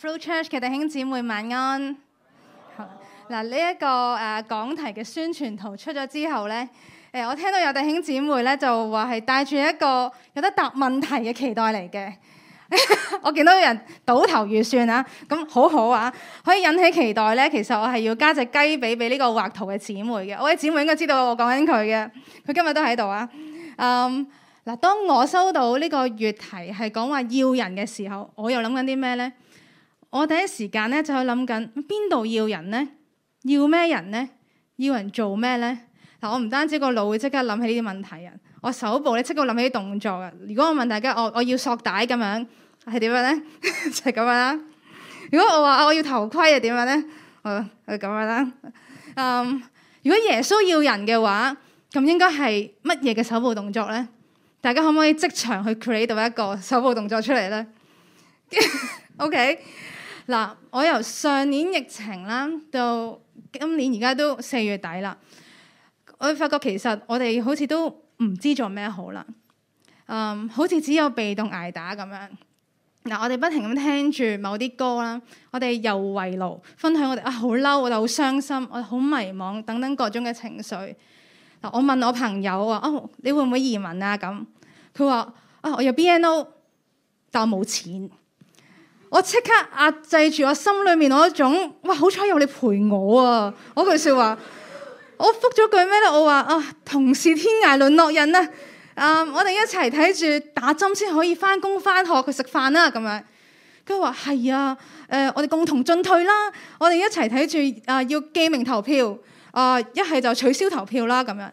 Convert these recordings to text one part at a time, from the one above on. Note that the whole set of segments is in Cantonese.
flow Church 嘅弟兄姊妹晚安。嗱呢一個誒、啊、講題嘅宣傳圖出咗之後咧，誒我聽到有弟兄姊妹咧就話係帶住一個有得答問題嘅期待嚟嘅。 我見到有人倒頭預算啊，咁好好啊，可以引起期待咧。其實我係要加隻雞髀俾呢個畫圖嘅姊妹嘅、哦。我位姊妹應該知道我講緊佢嘅，佢今日都喺度啊。嗯，嗱，當我收到呢個月題係講話要人嘅時候，我又諗緊啲咩咧？我第一時間咧就去諗緊邊度要人呢？要咩人呢？要人做咩呢？嗱，我唔單止個腦會即刻諗起呢啲問題啊，我手部咧即刻諗起啲動作啊。如果我問大家，我我要索帶咁樣係點樣呢？ 就係咁樣啦。如果我話我要頭盔又點樣呢？啊，係咁樣啦。Um, 如果耶穌要人嘅話，咁應該係乜嘢嘅手部動作呢？大家可唔可以即場去 create 到一個手部動作出嚟呢？ OK? 嗱，我由上年疫情啦到今年而家都四月底啦，我發覺其實我哋好似都唔知做咩好啦、嗯，好似只有被動捱打咁樣。嗱，我哋不停咁聽住某啲歌啦，我哋又圍爐分享我哋啊好嬲，我哋好傷心，我哋好迷惘等等各種嘅情緒。嗱，我問我朋友啊，哦，你會唔會移民啊？咁佢話啊我有 BNO，但我冇錢。我即刻壓制住我心裏面我一種哇，好彩有你陪我啊！嗰句説話，我覆咗句咩咧？我話啊，同是天涯淪落人啊！啊，我哋一齊睇住打針先可以返工返學去食飯啦、啊、咁樣。佢話係啊，誒、呃，我哋共同進退啦。我哋一齊睇住啊，要記名投票啊，一係就取消投票啦咁樣。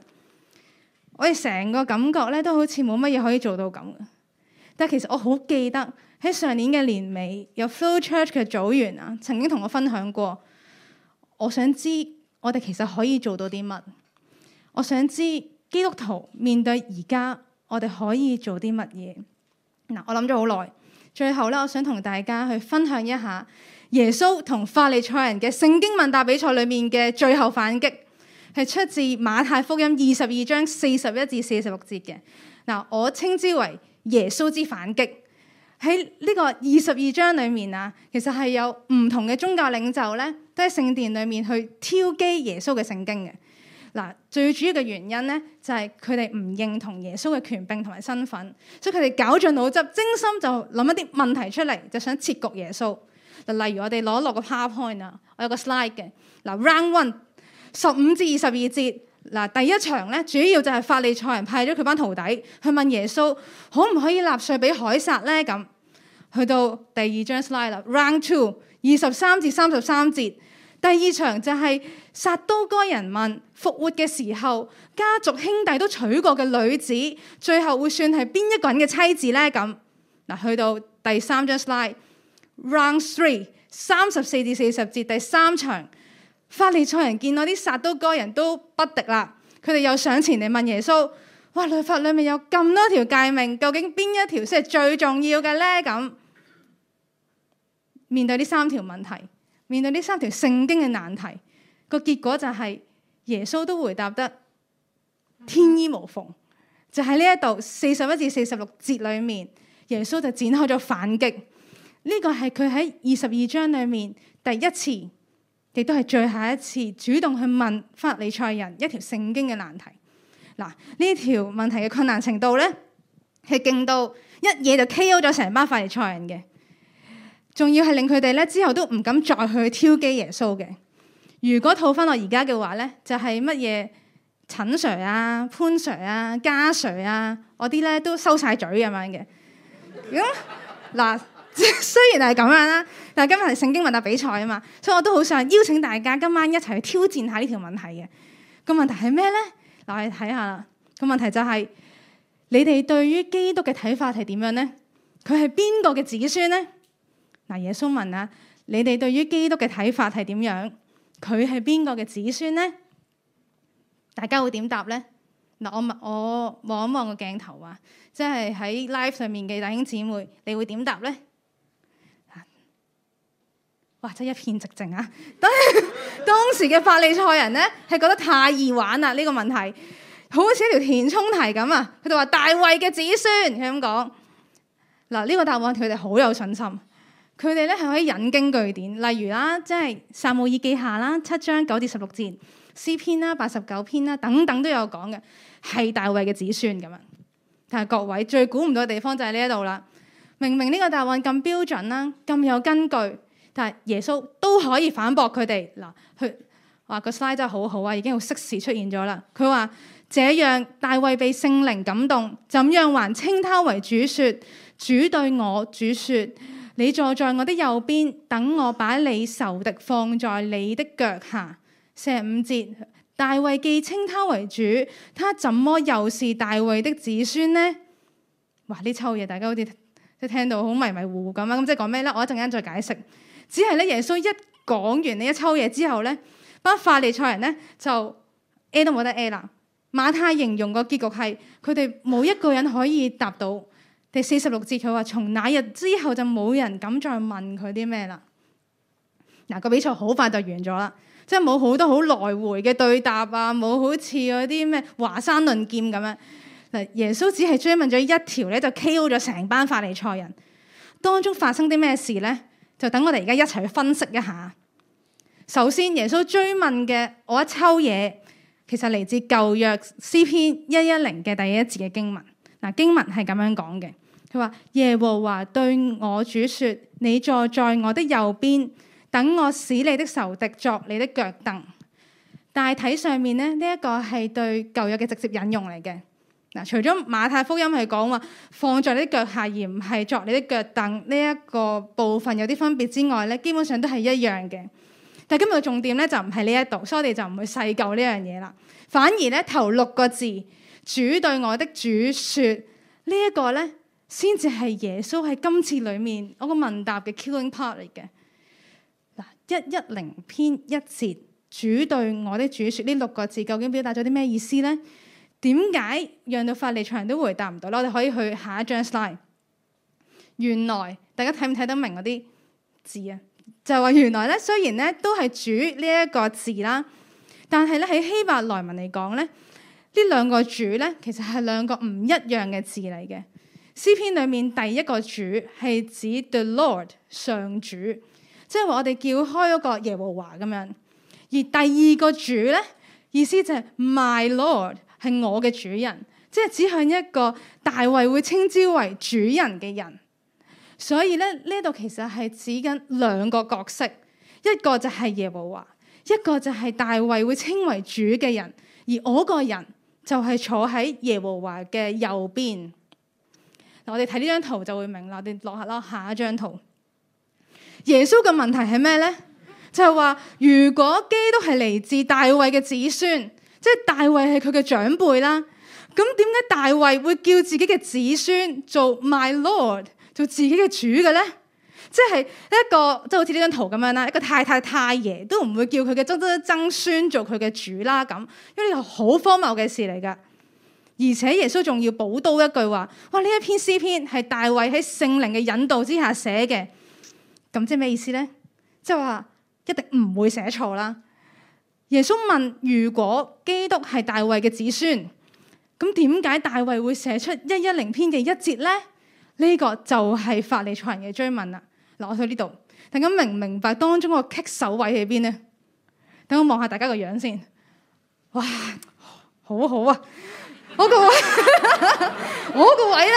我哋成個感覺咧，都好似冇乜嘢可以做到咁。但係其實我好記得。喺上年嘅年尾，有 flow church 嘅組員啊，曾經同我分享過。我想知我哋其實可以做到啲乜？我想知基督徒面對而家我哋可以做啲乜嘢？嗱，我諗咗好耐，最後咧，我想同大家去分享一下耶穌同法利賽人嘅聖經問答比賽裏面嘅最後反擊，係出自馬太福音二十二章四十一至四十六節嘅，嗱，我稱之為耶穌之反擊。喺呢個二十二章裏面啊，其實係有唔同嘅宗教領袖呢，都喺聖殿裏面去挑機耶穌嘅聖經嘅。嗱，最主要嘅原因呢，就係佢哋唔認同耶穌嘅權柄同埋身份，所以佢哋絞盡腦汁，精心就諗一啲問題出嚟，就想切局耶穌。就例如我哋攞落個 PowerPoint 啊，我有個 slide 嘅。嗱，Round One，十五至二十二節。嗱，第一場呢，主要就係法利賽人派咗佢班徒弟去問耶穌，「可唔可以納稅俾海撒呢？」咁去到第二張 slide 啦，Round two，二十三至三十三節。第二場就係撒都該人問「復活嘅時候，家族兄弟都娶過嘅女子，最後會算係邊一個人嘅妻子呢？」咁嗱，去到第三張 slide，Round three，三十四至四十節。第三場法利賽人見到啲撒都該人都不敵啦，佢哋又上前嚟問耶穌：「哇！律法裏面有咁多條誡命，究竟邊一條先係最重要嘅呢？」咁面對呢三條問題，面對呢三條聖經嘅難題，個結果就係耶穌都回答得天衣無縫。就喺呢一度四十一至四十六節裏面，耶穌就展開咗反擊。呢個係佢喺二十二章裏面第一次，亦都係最後一次主動去問法利賽人一條聖經嘅難題。嗱，呢條問題嘅困難程度呢，係勁到一嘢就 K.O. 咗成班法利賽人嘅。仲要係令佢哋咧，之後都唔敢再去挑機耶穌嘅。如果套翻落而家嘅話咧，就係乜嘢陳 sir 啊、潘 sir 啊、家 sir 啊，嗰啲咧都收晒嘴咁樣嘅。咁嗱，雖然係咁樣啦，但係今日係聖經問答比賽啊嘛，所以我都好想邀請大家今晚一齊去挑戰下呢條問題嘅。個問題係咩咧？嗱，我哋睇下啦。個問題就係：你哋對於基督嘅睇法係點樣咧？佢係邊個嘅子孫咧？嗱，耶穌問啊，你哋對於基督嘅睇法係點樣？佢係邊個嘅子孫呢？大家會點答呢？嗱，我我望一望個鏡頭啊，即係喺 live 上面嘅弟兄姊妹，你會點答呢？哇，真係一片寂靜啊！當 當時嘅法利賽人呢，係覺得太易玩啦，呢、呢個問題好似一條填充題咁啊！佢哋話大衛嘅子孫，佢咁講。嗱，呢個答案佢哋好有信心。佢哋咧係可以引經據典，例如啦，即係撒母耳記下啦，七章九至十六節詩篇啦，八十九篇啦，等等都有講嘅係大衛嘅子孫咁樣。但係各位最估唔到嘅地方就喺呢一度啦。明明呢個答案咁標準啦，咁有根據，但係耶穌都可以反駁佢哋嗱，佢話、這個 size 真係好好啊，已經用適時出現咗啦。佢話這樣大衛被聖靈感動，怎樣還稱他為主說？說主對我主說。你坐在我的右邊，等我把你仇敵放在你的腳下。四十五節，大衛既稱他為主，他怎麼又是大衛的子孫呢？哇！呢抽嘢，大家好似即係聽到好迷迷糊糊咁樣！咁即係講咩呢？我一陣間再解釋。只係咧，耶穌一講完呢一抽嘢之後呢，班法利賽人呢，就 A、啊、都冇得 A、啊、啦。馬太形容個結局係，佢哋冇一個人可以答到。第四十六節，佢話，從那日之後，就冇人敢再問佢啲咩啦。嗱，個比賽好快就完咗啦，即係冇好多好來回嘅對答啊，冇好似嗰啲咩華山論劍咁樣。嗱，耶穌只係追問咗一條咧，就 KO 咗成班法利賽人。當中發生啲咩事呢？就等我哋而家一齊去分析一下。首先耶穌追問嘅我一抽嘢，其實嚟自舊約詩篇一一零嘅第一節嘅經文。嗱，經文係咁樣講嘅。佢話耶和華對我主說：你坐在我的右邊，等我使你的仇敵作你的腳凳。大體上面呢，呢、這、一個係對舊約嘅直接引用嚟嘅。嗱，除咗馬太福音係講話放在你嘅腳下而唔係作你嘅腳凳呢一個部分有啲分別之外咧，基本上都係一樣嘅。但今日嘅重點呢，就唔係呢一度，所以我哋就唔會細究呢樣嘢啦。反而呢頭六個字主對我的主說呢一、這個呢。先至係耶穌喺今次裏面嗰個問答嘅 killing part 嚟嘅。嗱，一一零篇一節，主對我的主説呢六個字，究竟表達咗啲咩意思呢？點解讓到法利賽人都回答唔到咧？我哋可以去下一張 slide。原來大家睇唔睇得明嗰啲字啊？就話原來咧，雖然咧都係主呢一個字啦，但係咧喺希伯來文嚟講咧，呢兩個主咧，其實係兩個唔一樣嘅字嚟嘅。詩篇裏面第一個主係指 the Lord 上主，即係話我哋叫開嗰個耶和華咁樣。而第二個主呢，意思就係 my Lord 係我嘅主人，即係指向一個大衛會稱之為主人嘅人。所以咧，呢度其實係指緊兩個角色，一個就係耶和華，一個就係大衛會稱為主嘅人。而我個人就係坐喺耶和華嘅右邊。嗱，我哋睇呢張圖就會明啦。我哋落下啦，下一張圖。耶穌嘅問題係咩呢？就係話，如果基督係嚟自大衛嘅子孫，即係大衛係佢嘅長輩啦，咁點解大衛會叫自己嘅子孫做 My Lord，做自己嘅主嘅呢？即係一個即係好似呢張圖咁樣啦，一個太太太爺都唔會叫佢嘅曾曾曾孫做佢嘅主啦，咁因為呢個好荒謬嘅事嚟噶。而且耶穌仲要補刀一句話，哇！呢一篇詩篇係大衛喺聖靈嘅引導之下寫嘅，咁即係咩意思呢？即係話一定唔會寫錯啦。耶穌問：如果基督係大衛嘅子孫，咁點解大衛會寫出一一零篇嘅一節呢？呢個就係法利賽人嘅追問啦。嗱，我喺呢度，大家明唔明白當中個棘手位喺邊呢？等我望下大家個樣先。哇，好好啊！我個位， 我個位呢，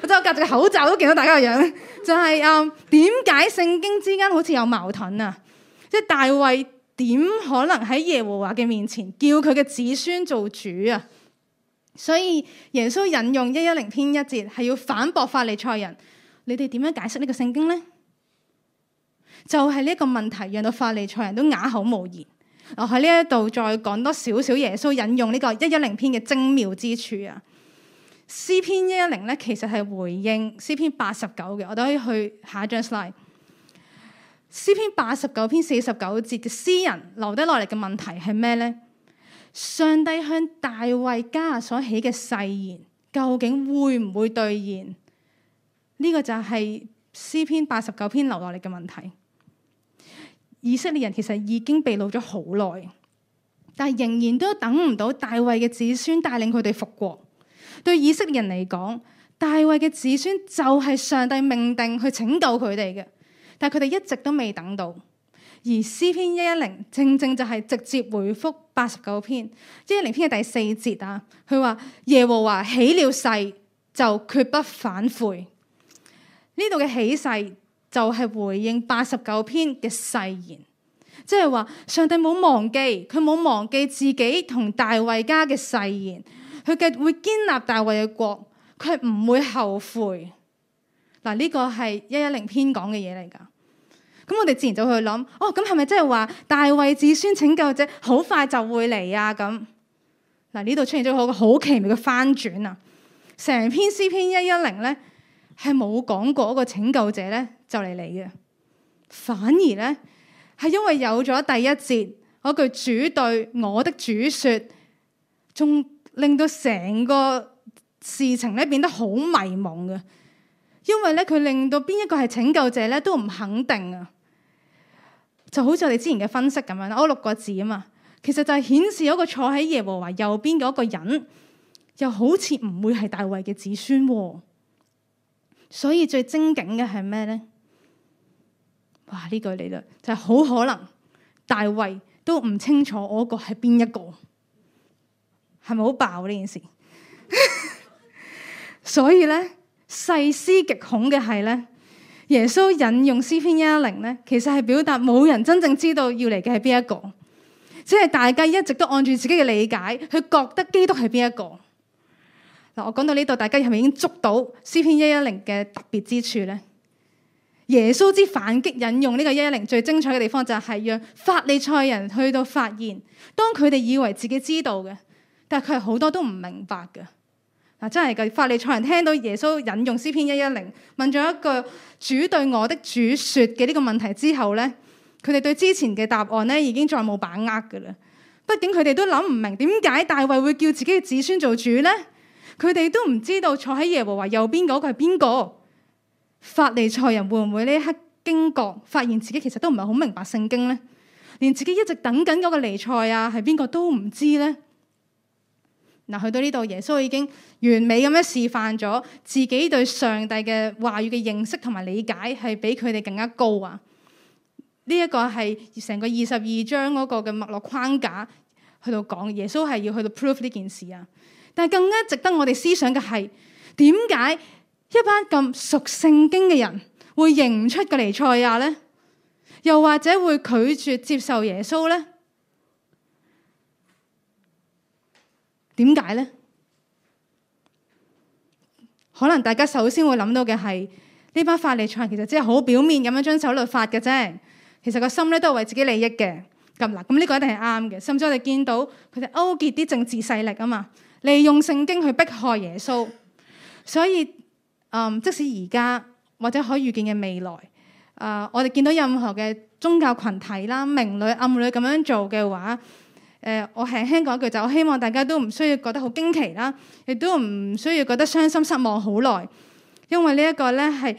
我就隔住口罩都見到大家個樣、 就是。就係啊，點解聖經之間好似有矛盾啊？即係大衛點可能喺耶和華嘅面前叫佢嘅子孫做主啊？所以耶穌引用一一零篇一節，係要反駁法利賽人：你哋點樣解釋呢個聖經呢？就係呢一個問題，讓到法利賽人都啞口無言。我喺呢一度再講多少少耶穌引用呢個一一零篇嘅精妙之處啊。詩篇一一零咧其實係回應詩篇八十九嘅，我都可以去下一張 slide。詩篇八十九篇四十九節嘅詩人留低落嚟嘅問題係咩呢？上帝向大衛家所起嘅誓言究竟會唔會兌現？呢個就係詩篇八十九篇留落嚟嘅問題。以色列人其實已經被擄咗好耐，但係仍然都等唔到大衛嘅子孫帶領佢哋復國。對以色列人嚟講，大衛嘅子孫就係上帝命定去拯救佢哋嘅，但係佢哋一直都未等到。而詩篇一一零正正就係直接回覆八十九篇一一零篇嘅第四節啊，佢話耶和華起了誓就決不反悔。呢度嘅起誓。就係回應八十九篇嘅誓言，即係話上帝冇忘記，佢冇忘記自己同大衛家嘅誓言，佢嘅會建立大衛嘅國，佢唔會後悔。嗱、這、呢個係一一零篇講嘅嘢嚟噶，咁、嗯、我哋自然就會去諗，哦咁係咪即係話大衛子孫拯救者好快就會嚟啊？咁嗱呢度出現咗一個好奇妙嘅翻轉啊！成篇詩篇一一零咧。110, 係冇講過嗰個拯救者咧，就嚟嚟嘅，反而咧係因為有咗第一節嗰句主對我的主說，仲令到成個事情咧變得好迷茫嘅，因為咧佢令到邊一個係拯救者咧都唔肯定啊！就好似我哋之前嘅分析咁樣，我六個字啊嘛，其實就係顯示一個坐喺耶和華右邊嗰個人，又好似唔會係大衛嘅子孫，啊。所以最精警嘅係咩咧？哇！呢個理論就係、是、好可能，大衛都唔清楚我個係邊一個，係咪好爆呢件事？ 所以咧，細思極恐嘅係咧，耶穌引用詩篇一一零咧，其實係表達冇人真正知道要嚟嘅係邊一個，只係大家一直都按住自己嘅理解去覺得基督係邊一個。嗱，我講到呢度，大家係咪已經捉到詩篇一一零嘅特別之處呢？耶穌之反擊引用呢個一一零最精彩嘅地方，就係讓法利賽人去到發現，當佢哋以為自己知道嘅，但係佢係好多都唔明白㗎。嗱，真係嘅，法利賽人聽到耶穌引用詩篇一一零，問咗一句主對我的主説嘅呢個問題之後呢，佢哋對之前嘅答案呢已經再冇把握㗎喇。畢竟佢哋都諗唔明點解大衛會叫自己嘅子孫做主呢。佢哋都唔知道坐喺耶和華右邊嗰個係邊個？法利賽人會唔會呢一刻驚覺，發現自己其實都唔係好明白聖經呢？連自己一直等緊嗰個彌賽亞，係邊個都唔知呢。嗱，去到呢度，耶穌已經完美咁樣示範咗自己對上帝嘅話語嘅認識同埋理解，係比佢哋更加高啊！呢一個係成個二十二章嗰個嘅脈絡框架，去到講耶穌係要去到 proof 呢件事啊！但更加值得我哋思想嘅係，點解一班咁熟聖經嘅人會認唔出個彌賽亞呢？又或者會拒絕接受耶穌呢？點解呢？可能大家首先會諗到嘅係呢班法利賽人其實只係好表面咁樣遵守律法嘅啫，其實個心咧都係為自己利益嘅。咁嗱，咁呢個一定係啱嘅。甚至我哋見到佢哋勾結啲政治勢力啊嘛。利用聖經去逼害耶穌，所以，嗯、即使而家或者可以預見嘅未來，啊、呃，我哋見到任何嘅宗教群體啦，明裏暗裏咁樣做嘅話，呃、我輕輕講一句就，我希望大家都唔需要覺得好驚奇啦，亦都唔需要覺得傷心失望好耐，因為呢一個呢係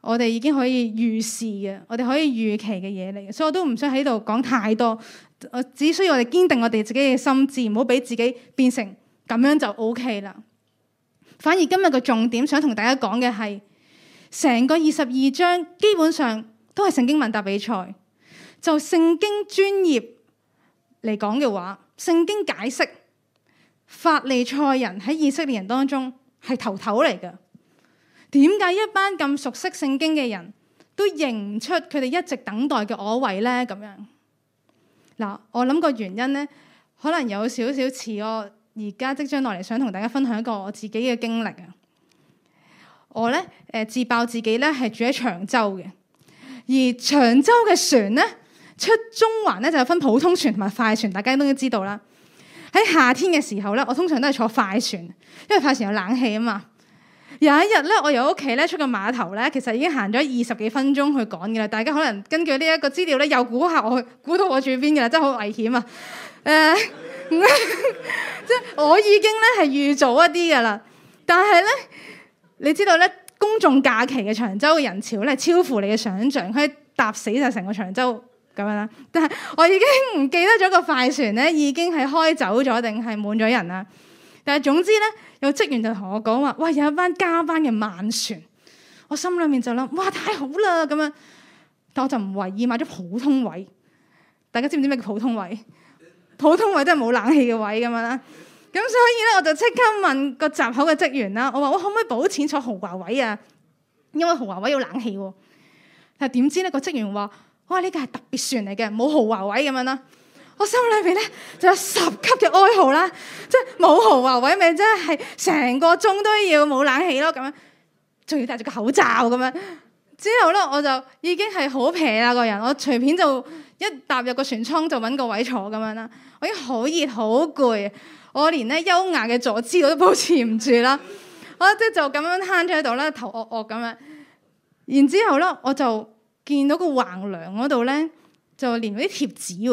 我哋已經可以預示嘅，我哋可以預期嘅嘢嚟嘅，所以我都唔想喺度講太多，我只需要我哋堅定我哋自己嘅心智，唔好俾自己變成。咁樣就 O K 啦。反而今日個重點想同大家講嘅係，成個二十二章基本上都係聖經問答比賽。就聖經專業嚟講嘅話，聖經解釋，法利賽人喺以色列人當中係頭頭嚟嘅。點解一班咁熟悉聖經嘅人都認唔出佢哋一直等待嘅我為呢？咁樣嗱，我諗個原因呢，可能有少少似我。而家即將落嚟，想同大家分享一個我自己嘅經歷啊！我咧誒自爆自己咧係住喺長洲嘅，而長洲嘅船咧出中環咧就分普通船同埋快船，大家都應該知道啦。喺夏天嘅時候咧，我通常都係坐快船，因為快船有冷氣啊嘛。有一日咧，我由屋企咧出個碼頭咧，其實已經行咗二十幾分鐘去趕嘅啦。大家可能根據呢一個資料咧，又估下我估到我住邊嘅啦，真係好危險啊！誒、uh。即係 我已經咧係預早一啲噶啦，但係咧，你知道咧，公眾假期嘅長洲嘅人潮咧超乎你嘅想象，可以搭死晒成個長洲咁樣啦。但係我已經唔記得咗個快船咧，已經係開走咗定係滿咗人啦。但係總之咧，有職員就同我講話：哇，有一班加班嘅慢船。我心裏面就諗：哇，太好啦！咁樣，但我就唔為意買咗普通位。大家知唔知咩叫普通位？普通位都係冇冷氣嘅位咁樣啦，咁所以咧我就即刻問個閘口嘅職員啦，我話我可唔可以補錢坐豪華位啊？因為豪華位要冷氣喎。但係點知呢個職員話：嘩，呢架係特別船嚟嘅，冇豪華位咁樣啦。我心裏邊咧就有十級嘅哀號啦，即係冇豪華位咪真係成個鐘都要冇冷氣咯，咁樣仲要戴住個口罩咁樣。之後咧我就已經係好平啦個人，我隨便就。一踏入個船艙就揾個位坐咁樣啦，我已經好熱好攰，我連呢優雅嘅坐姿我都保持唔住啦，我即係就咁樣攤咗喺度啦，頭惡惡咁樣。然之後呢，我就見到個橫梁嗰度呢，就連嗰啲貼紙喎，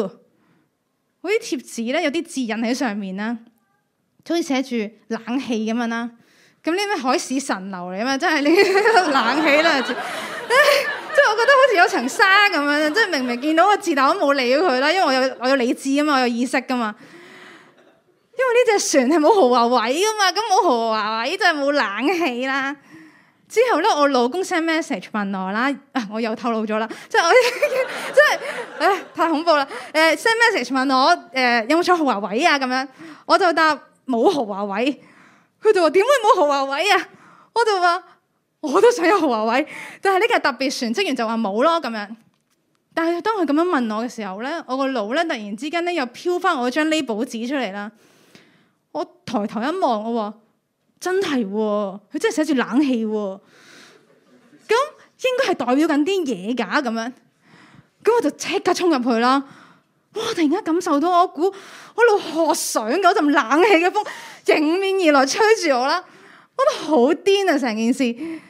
嗰啲貼紙呢，有啲字印喺上面啦，好似寫住冷氣咁樣啦。咁呢咩海市蜃樓嚟啊？真係你冷氣啦！ 即係我覺得好似有層沙咁樣，即係明明見到個字，但我冇理佢啦，因為我有我有理智啊嘛，我有意識噶嘛。因為呢隻船係冇豪華位噶嘛，咁冇豪華位就係冇冷氣啦。之後呢，我老公 send message 問我啦，我又透露咗啦，即係我，即係，唉，太恐怖啦！誒，send message 問我，誒、呃，有冇坐豪華位啊？咁樣，我就答冇豪華位。佢就話點會冇豪華位啊？我就話。我都想有豪華位，但係呢架特別船職員就話冇咯咁樣。但係當佢咁樣問我嘅時候呢，我個腦呢突然之間呢又飄翻我張呢薄紙出嚟啦。我抬頭一望，我話真係喎，佢真係寫住冷氣喎。咁應該係代表緊啲嘢，架咁樣。咁我就即刻衝入去啦。哇！突然間感受到我一股我老殼想嗰陣冷氣嘅風迎面而來吹住我啦。我覺得好癲啊成件事。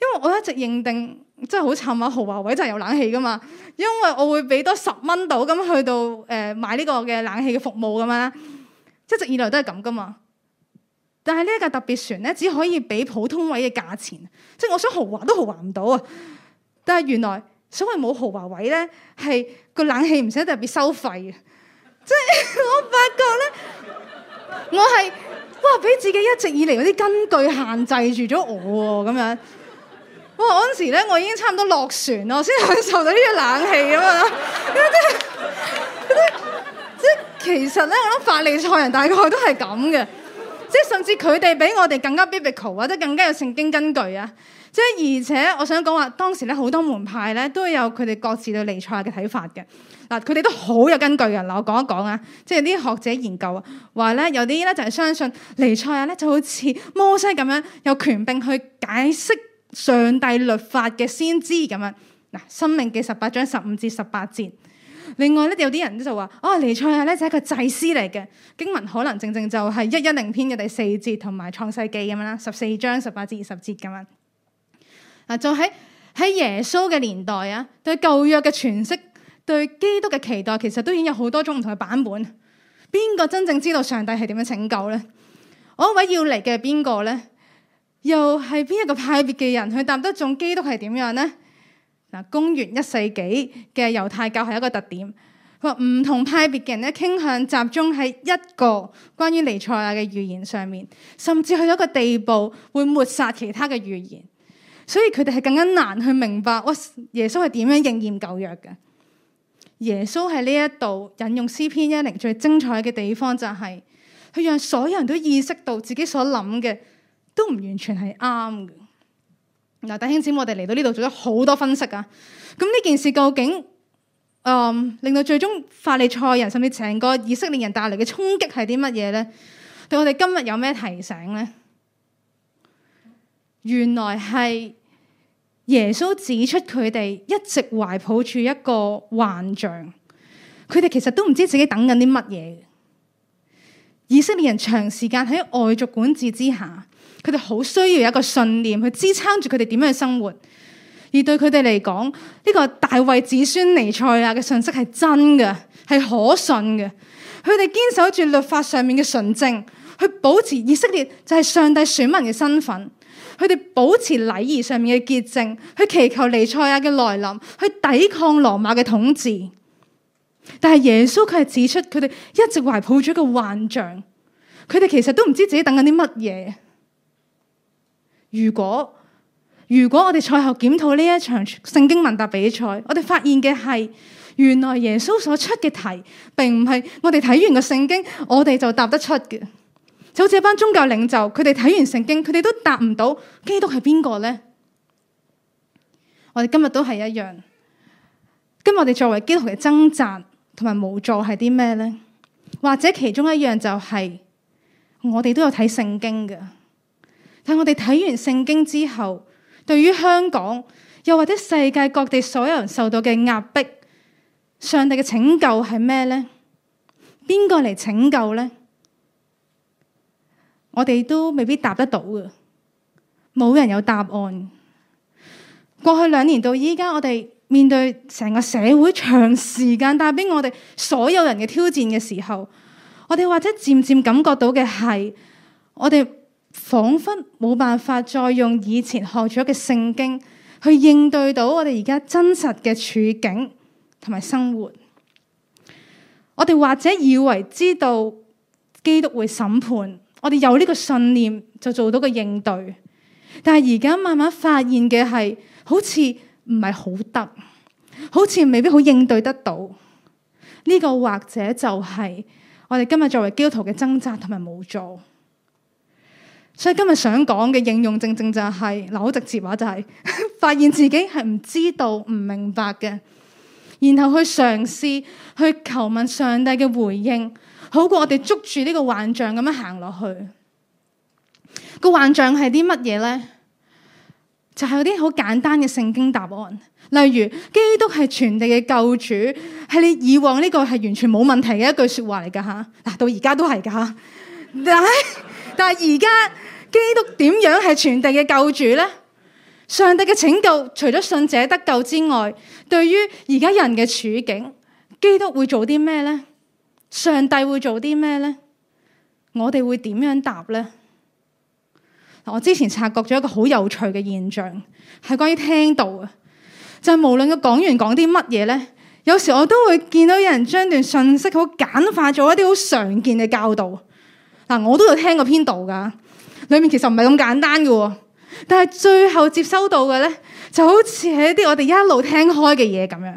因為我一直認定，真係好慘啊！豪華位真係有冷氣噶嘛，因為我會俾多十蚊到咁去到誒、呃、買呢個嘅冷氣嘅服務噶嘛。一直以來都係咁噶嘛。但係呢一架特別船咧，只可以俾普通位嘅價錢，即係我想豪華都豪華唔到啊！但係原來所謂冇豪華位咧，係個冷氣唔使特別收費啊。即係我發覺咧，我係哇俾自己一直以嚟嗰啲根據限制住咗我喎咁樣。我嗰陣時咧，我已經差唔多落船咯，我先享受到呢個冷氣吖嘛！即係即係，即係、就是、其實咧，我諗法利賽人大概都係咁嘅，即係甚至佢哋比我哋更加 biblical 或者更加有聖經根據啊！即係而且，我想講話當時咧，好多門派咧都有佢哋各自對彌賽亞嘅睇法嘅。嗱，佢哋都好有根據嘅。嗱，我講一講啊，即係啲學者研究啊，話咧，有啲咧就係相信彌賽亞咧，就好似摩西咁樣有權柄去解釋。上帝律法嘅先知咁樣，嗱，申命記十八章十五至十八節。另外咧，有啲人都就話，哦，尼賽亞咧就係一個祭司嚟嘅。經文可能正正就係一一零篇嘅第四節同埋創世記咁樣啦，十四章十八至二十節咁樣。嗱，就喺喺耶穌嘅年代啊，對舊約嘅詮釋，對基督嘅期待，其實都已經有好多種唔同嘅版本。邊個真正知道上帝係點樣拯救咧？嗰位要嚟嘅係邊個咧？又係邊一個派別嘅人，去答得中基督係點樣呢？嗱，公元一世紀嘅猶太教係一個特點。佢話唔同派別嘅人咧，傾向集中喺一個關於彌賽亞嘅預言上面，甚至去到一個地步會抹殺其他嘅預言。所以佢哋係更加難去明白，我、哦、耶穌係點樣應驗舊約嘅。耶穌喺呢一度引用詩篇一零最精彩嘅地方，就是，就係去讓所有人都意識到自己所諗嘅，都唔完全係啱嘅。嗱，弟兄姊妹，我哋嚟到呢度做咗好多分析啊。咁呢件事究竟誒、呃、令到最終法利賽人甚至成個以色列人帶嚟嘅衝擊係啲乜嘢呢？對我哋今日有咩提醒呢？原來係耶穌指出佢哋一直懷抱住一個幻象，佢哋其實都唔知自己等緊啲乜嘢。以色列人長時間喺外族管治之下。佢哋好需要一個信念去支撐住佢哋點樣去生活，而對佢哋嚟講，呢個大衞子孫彌賽亞嘅信息係真嘅，係可信嘅。佢哋堅守住律法上面嘅純正，去保持以色列就係上帝選民嘅身份。佢哋保持禮儀上面嘅潔淨，去祈求彌賽亞嘅來臨，去抵抗羅馬嘅統治。但係耶穌佢係指出，佢哋一直懷抱住一個幻象，佢哋其實都唔知自己等緊啲乜嘢。如果如果我哋賽後檢討呢一場聖經問答比賽，我哋發現嘅係原來耶穌所出嘅題，並唔係我哋睇完個聖經，我哋就答得出嘅。就好似一班宗教領袖，佢哋睇完聖經，佢哋都答唔到基督係邊個呢？我哋今日都係一樣。今日我哋作為基督徒嘅掙扎同埋無助係啲咩呢？或者其中一樣就係，我哋都有睇聖經嘅。但係我哋睇完聖經之後，對於香港又或者世界各地所有人受到嘅壓迫，上帝嘅拯救係咩呢？邊個嚟拯救呢？我哋都未必答得到嘅，冇人有答案。過去兩年到依家，我哋面對成個社會長時間帶俾我哋所有人嘅挑戰嘅時候，我哋或者漸漸感覺到嘅係我哋。仿佛冇辦法再用以前學咗嘅聖經去應對到我哋而家真實嘅處境同埋生活。我哋或者以為知道基督會審判，我哋有呢個信念就做到個應對。但係而家慢慢發現嘅係，好似唔係好得，好似未必好應對得到。呢個或者就係我哋今日作為基督徒嘅掙扎同埋冇助。所以今日想講嘅應用，正正就係、是、嗱，好直接話、啊、就係、是、發現自己係唔知道、唔明白嘅，然後去嘗試去求問上帝嘅回應，好過我哋捉住呢個幻象咁樣行落去。個幻象係啲乜嘢呢？就係有啲好簡單嘅聖經答案，例如基督係全地嘅救主，係你以往呢個係完全冇問題嘅一句說話嚟噶吓，嗱，到而家都係噶但係而家。基督點樣係全地嘅救主呢？上帝嘅拯救，除咗信者得救之外，對於而家人嘅處境，基督會做啲咩呢？上帝會做啲咩呢？我哋會點樣答呢？嗱，我之前察覺咗一個好有趣嘅現象，係關於聽道啊。就係、是、無論個講員講啲乜嘢呢，有時我都會見到有人將段信息好簡化咗，一啲好常見嘅教導。嗱，我都有聽過篇道噶。裏面其實唔係咁簡單噶，但係最後接收到嘅呢，就好似係一啲我哋一路聽開嘅嘢咁樣。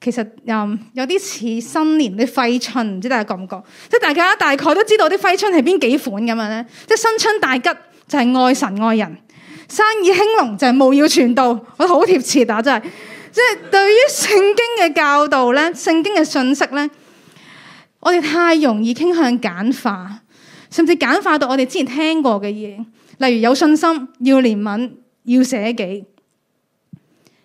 其實、嗯、有啲似新年啲揮春，唔知大家覺唔覺？即係大家大概都知道啲揮春係邊幾款咁樣呢？即係新春大吉就係愛神愛人，生意興隆就係務要傳道，我好貼切啊！真係，即係對於聖經嘅教導呢，聖經嘅信息呢，我哋太容易傾向簡化。甚至簡化到我哋之前聽過嘅嘢，例如有信心、要憐憫、要捨己。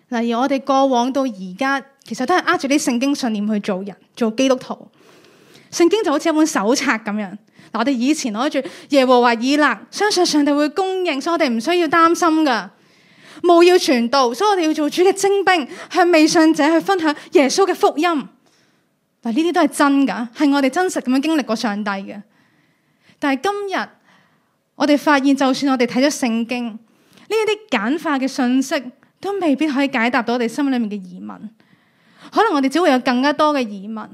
例如我哋過往到而家，其實都係握住啲聖經信念去做人、做基督徒。聖經就好似一本手冊咁樣。嗱，我哋以前攞住耶和華以勒，相信上帝會供應，所以我哋唔需要擔心㗎。務要傳道，所以我哋要做主嘅精兵，向未信者去分享耶穌嘅福音。嗱，呢啲都係真㗎，係我哋真實咁樣經歷過上帝嘅。但係今日，我哋發現，就算我哋睇咗聖經呢一啲簡化嘅信息，都未必可以解答到我哋心裏面嘅疑問。可能我哋只會有更加多嘅疑問。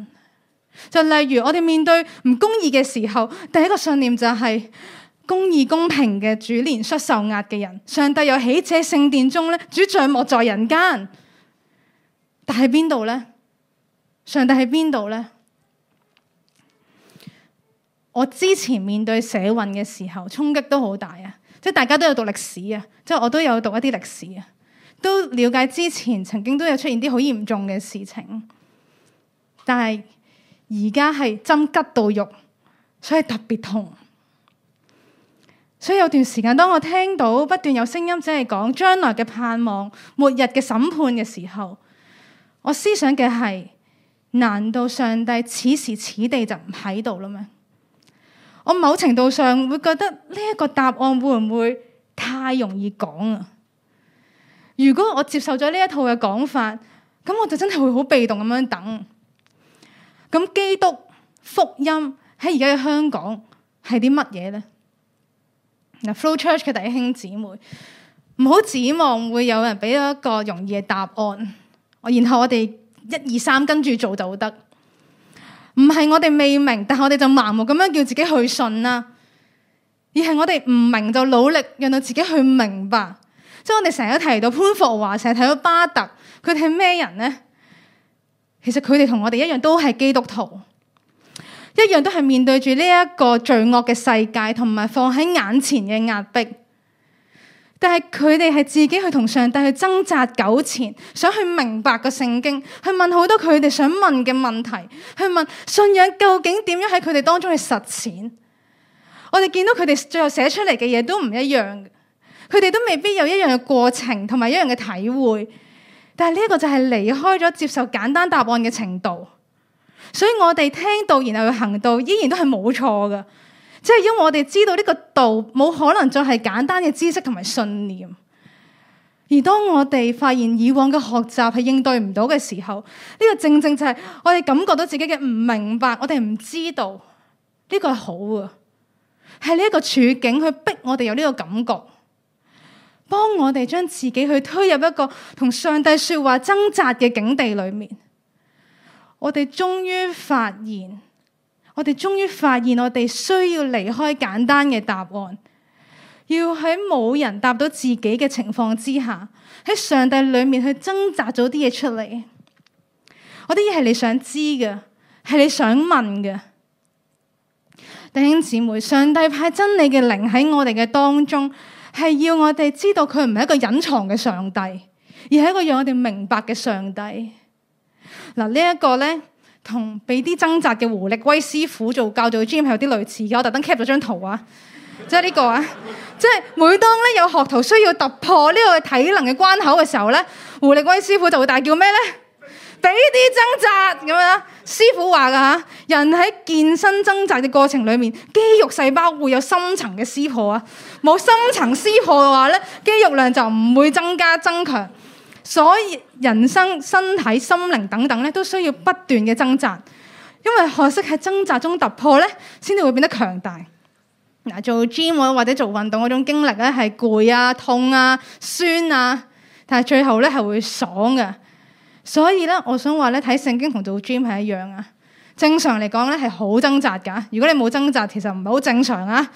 就例如我哋面對唔公義嘅時候，第一個信念就係、是、公義公平嘅主憐恤受壓嘅人。上帝有喜者聖殿中咧，主帳幕在人間。但係邊度呢？上帝喺邊度呢？我之前面對社運嘅時候，衝擊都好大啊！即係大家都有讀歷史啊，即係我都有讀一啲歷史啊，都了解之前曾經都有出現啲好嚴重嘅事情。但係而家係針拮到肉，所以特別痛。所以有段時間，當我聽到不斷有聲音即係講將來嘅盼望、末日嘅審判嘅時候，我思想嘅係：難道上帝此時此地就唔喺度啦咩？我某程度上會覺得呢一個答案會唔會太容易講啊？如果我接受咗呢一套嘅講法，咁我就真係會好被動咁樣等。咁基督福音喺而家嘅香港係啲乜嘢呢？嗱、啊，Flow Church 嘅弟兄姊妹，唔好指望會有人俾到一個容易嘅答案。然後我哋一二三跟住做就得。唔係我哋未明，但係我哋就盲目咁樣叫自己去信啦，而係我哋唔明就努力讓到自己去明白。即係我哋成日提到潘霍華，成日提到巴特，佢哋係咩人呢？其實佢哋同我哋一樣都係基督徒，一樣都係面對住呢一個罪惡嘅世界，同埋放喺眼前嘅壓迫。但係佢哋係自己去同上帝去掙扎糾纏，想去明白個聖經，去問好多佢哋想問嘅問題，去問信仰究竟點樣喺佢哋當中去實踐。我哋見到佢哋最後寫出嚟嘅嘢都唔一樣，佢哋都未必有一樣嘅過程同埋一樣嘅體會。但係呢一個就係離開咗接受簡單答案嘅程度。所以我哋聽到然後去行到，依然都係冇錯㗎。即係因為我哋知道呢個道冇可能再係簡單嘅知識同埋信念，而當我哋發現以往嘅學習係應對唔到嘅時候，呢個正正就係我哋感覺到自己嘅唔明白，我哋唔知道呢個係好嘅，係呢一個處境去逼我哋有呢個感覺，幫我哋將自己去推入一個同上帝說話掙扎嘅境地裏面，我哋終於發現。我哋終於發現，我哋需要離開簡單嘅答案，要喺冇人答到自己嘅情況之下，喺上帝裏面去掙扎咗啲嘢出嚟。嗰啲嘢係你想知嘅，係你想問嘅。弟兄姊妹，上帝派真理嘅靈喺我哋嘅當中，係要我哋知道佢唔係一個隱藏嘅上帝，而係一個讓我哋明白嘅上帝。嗱，呢一個呢。同俾啲掙扎嘅胡力威師傅做教做 gym 係有啲類似嘅，我特登 cap 咗張圖啊，即係呢個啊，即係每當咧有學徒需要突破呢個體能嘅關口嘅時候咧，胡力威師傅就會大叫咩咧？俾啲掙扎咁樣，師傅話噶嚇，人喺健身掙扎嘅過程裡面，肌肉細胞會有深層嘅撕破啊，冇深層撕破嘅話咧，肌肉量就唔會增加增強。所以人生、身體、心靈等等咧，都需要不斷嘅掙扎，因為學識喺掙扎中突破咧，先至會變得強大。嗱，做 gym 或者做運動嗰種經歷咧，係攰啊、痛啊、酸啊，但係最後咧係會爽嘅。所以咧，我想話咧，睇聖經同做 gym 係一樣啊。正常嚟講咧係好掙扎㗎，如果你冇掙扎，其實唔係好正常啊。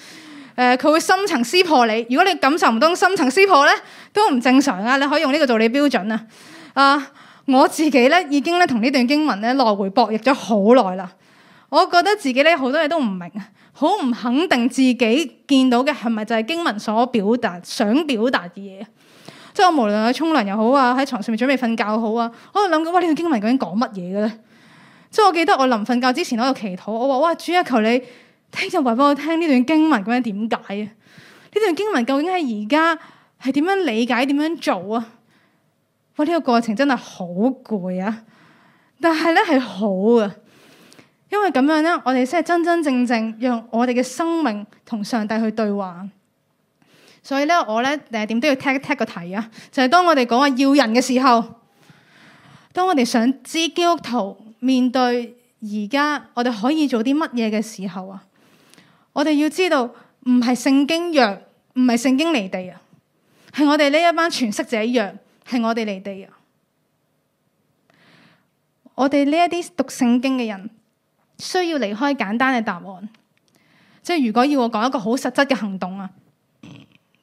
誒佢、呃、會深層撕破你，如果你感受唔到深層撕破咧，都唔正常啊！你可以用呢個做你標準啊！啊、呃，我自己咧已經咧同呢段經文咧來回博弈咗好耐啦。我覺得自己咧好多嘢都唔明，好唔肯定自己見到嘅係咪就係經文所表達想表達嘅嘢。即係我無論喺沖涼又好啊，喺床上面準備瞓覺好啊，我喺度諗緊，喂，呢段經文究竟講乜嘢嘅咧？即係我記得我臨瞓覺之前，我喺度祈禱，我話：哇主啊，求你！聽就話俾我聽呢段經文咁樣點解啊？呢段經文究竟係而家係點樣理解、點樣做啊？哇！呢、這個過程真係好攰啊！但係咧係好啊，因為咁樣咧，我哋先係真真正正用我哋嘅生命同上帝去對話。所以咧，我咧誒點都要踢一踢個題啊！就係、是、當我哋講話要人嘅時候，當我哋想知基督徒面對而家我哋可以做啲乜嘢嘅時候啊？我哋要知道，唔係聖經弱，唔係聖經離地啊，係我哋呢一班詮釋者弱，係我哋離地啊。我哋呢一啲讀聖經嘅人，需要離開簡單嘅答案，即係如果要我講一個好實質嘅行動啊，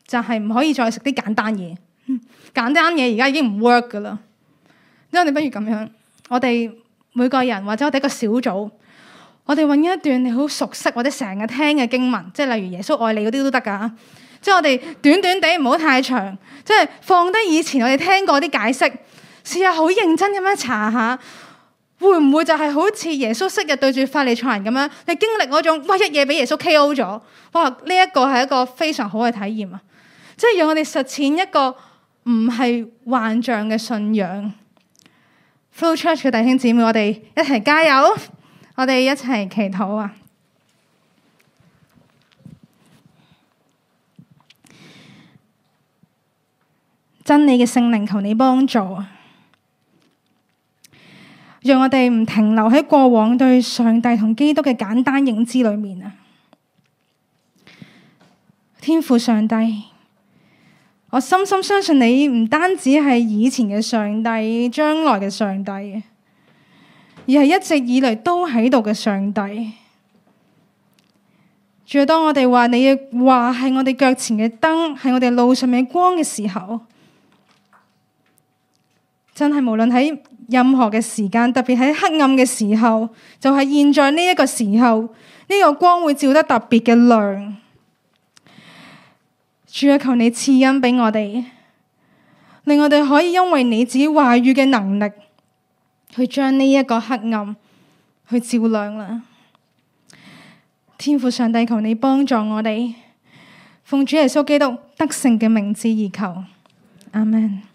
就係、是、唔可以再食啲簡單嘢，簡單嘢而家已經唔 work 噶啦。因為你不如咁樣，我哋每個人或者我哋一個小組。我哋揾一段你好熟悉或者成日聽嘅經文，即係例如耶穌愛你嗰啲都得㗎，即係我哋短短地唔好太長，即係放低以前我哋聽過啲解釋，試下好認真咁樣查下，會唔會就係好似耶穌昔日對住法利賽人咁樣，你經歷嗰種哇一嘢俾耶穌 K O 咗，哇呢一哇、這個係一個非常好嘅體驗啊！即係讓我哋實踐一個唔係幻象嘅信仰，嗯、Flow Church 嘅弟兄姊妹，我哋一齊加油！我哋一齊祈禱啊！真理嘅聖靈，求你幫助，讓我哋唔停留喺過往對上帝同基督嘅簡單認知裏面啊！天父上帝，我深深相信你唔單止係以前嘅上帝，將來嘅上帝。而係一直以嚟都喺度嘅上帝。主啊，當我哋話你嘅話係我哋腳前嘅燈，係我哋路上嘅光嘅時候，真係無論喺任何嘅時間，特別喺黑暗嘅時候，就係、是、現在呢一個時候，呢、這個光會照得特別嘅亮。主啊，求你賜恩俾我哋，令我哋可以因為你自己話語嘅能力。去將呢一個黑暗去照亮啦！天父上帝，求你幫助我哋，奉主耶穌基督得勝嘅名字而求，阿門。